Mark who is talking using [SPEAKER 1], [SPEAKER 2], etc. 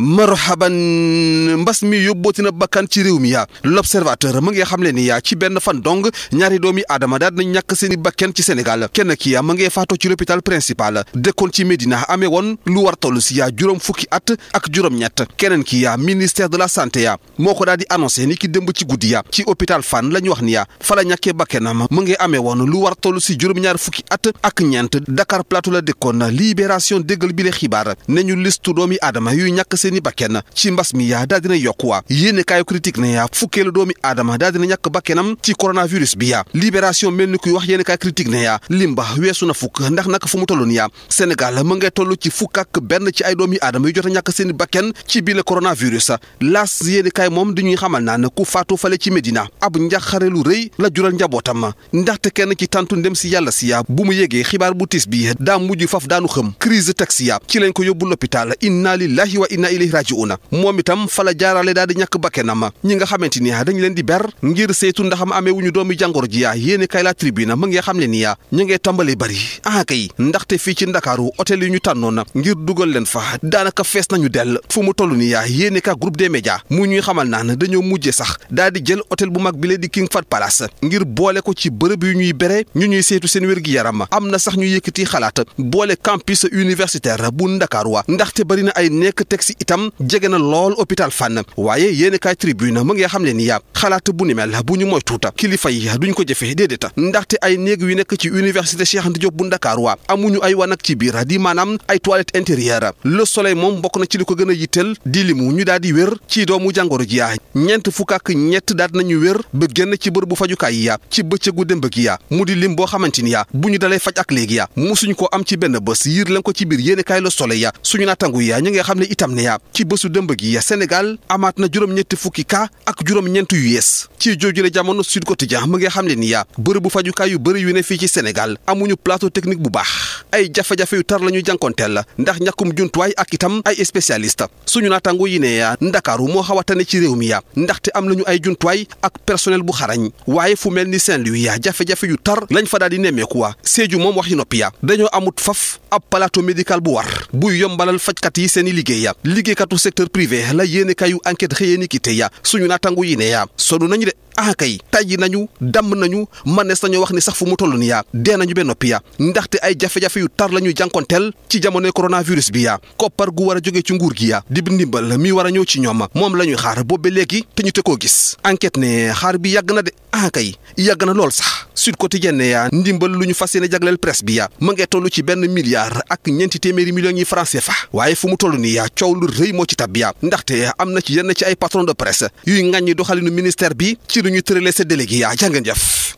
[SPEAKER 1] marhaban mbas mi yóbbooti na bakkan ci réew mi yaa l'observateur mu ngi xam le ni yaa ci benn fan dong ñaari doomi aadama daal nañ ñàkk seen i bakkan ci Sénégal kenn ki yaa ma ngee faatoo ci l'hôpital principal dëkkoon ci Médina amee woon lu war toll si yaa juróom fukki at ak juróom-ñett keneen ki yaa ministère de la santé yaa moo ko daal di annoncé ni ki démb ci guddi yaa ci hôpital Fann la ñu wax ni yaa fa la ñàkkee bakkanam mu ngi amee woon lu war toll si juróom-ñaar fukki at ak ñeent Dakar Plateau la dëkkoon libération bi le xibaar nañu listu doomi seeni bakkan ci mbas mi yaa daal dina yokkuwa yéene kaayu critique ne yaa fukkeelu doomi aadama daal dina ñàkk bakkanam ci coronavirus bi yaa libération mel ni kuy wax yéene kaay critique ne limba weesu na fukk ndax naka fu mu tolloon yaa Sénégal mu ci fukk benn ci ay doomi aadama yu jot a ñàkk seeni bakkan ci biir coronavirus laas yéene ñuy xamal naan ku faatu fale ci Médina ab njaxare lu rëy la jural njabootam ndaxte kenn ci tàntu ndem si yàlla si yaa bu mu yégee xibaar bu tiis bi daa ilayhi raji'una moom itam fa la jaarale daal di ñàkk bakkenam ñi nga xamante ni dañ leen di ber ngir saytu ndax am amee wuñu doomi jàngoro ji yaa yéeni kay la tribune mu ngi xam ne ni ñu ngee tàmbale bari ah kay ndaxte fii ci dakaaru hôtel yi ñu tànnoon ngir dugal leen fa daanaka fees na ñu dell fu mu toll ni yaa yéeni ka groupe de médias mu ñuy xamal naan dañoo mujje sax daal di jël hôtel bu mag bi lee di King Fahd Palace ngir boole ko ci bërëb yu ñuy bere ñu ñuy saytu seen wér gi yaram am na sax ñu yëkkati xalaat boole campus universitaire bu ndakaaru wa itam jege na lool hôpital Fann waaye yéen kaay tribune mu ngi xam ne ni yaa xalaat bu ni mel bu ñu mooy tuuta kilifa yi duñ ko jëfe déedéet ndaxte ay néeg yu nekk ci université Cheikh Anta Diop bu Ndakaar waa amuñu ay wanag ci biir di maanaam ay toilette intérieure le soleil moom bokk na ci li ko gën a yitteel di limu ñu daal di wér ci doomu jàngoro ji yaa ñeent fukk ak ñett daat nañu wér ba génn ci bërëb bu fajukaay yi yaa ci bëccëgu démb gi yaa mu di lim boo xamante ni bu ñu dalee faj ak léegi yaa ko am ci benn bës ko ci biir yéen kaay le soleil Yab ci bésu dëmb gi ya Sénégal amaat na juróom-ñetti fukki cas ak juróom-ñeent yu yees ci joojule jamono Sud Quotidien mu ngi xam ne ni ya bërëbu fajukaay yu bëri yu ne fii ci senegal amuñu plateau technique bu baax ay jafe-jafe yu tar la ñuy jànkonteel la ndax ñàkkum juntuwaay ak itam ay spécialiste suñu naatango yi ne ya Ndakaaru moo xaw a ci réew mi ya ndaxte am nañu ay juntuwaay ak personel bu xarañ waaye fu mel ni Saint-Louis ya jafe-jafe yu tar lañ fa daal di nemmeekuwa Sédhiou moom wax yi noppi ya dañoo amut faf ab plateau médical bu war buy yombalal fajkat yi seeni liggéey ya liggéeykatu secteur privé la yéene kayu enquête xëyee ni ki te ya suñu naatangu yi ne ya sonu nañu de ah kay tàyyi nañu damm nañu mënees nañu wax ni sax fu mu toll ni yaa dee nañu ba noppi ndaxte ay jafe-jafe yu tar la ñuy jànkonteel ci jamonoy coronavirus bi yaa koppar gu war a jóge ci nguur gi yaa di ndimbal mi war a ñëw ci ñoom moom la ñuy xaar boobu ba léegi te ñu te koo gis enquête ne xaar bi yàgg na de ah yàgg na lool sax Sud Quotidien ne ndimbal lu ñu fas yéene jagleel presse bi yaa ma toll ci benn milliard ak ñeenti ñuy franc CFA waaye fu mu toll nii yaa coow lu rëy moo ci tabbiya ndaxte am na ci yenn ci ay patron de presse yuy ŋàññi doxalinu ministère bi ci lu ñu tëralee sa délégué yaa jàngeen jëf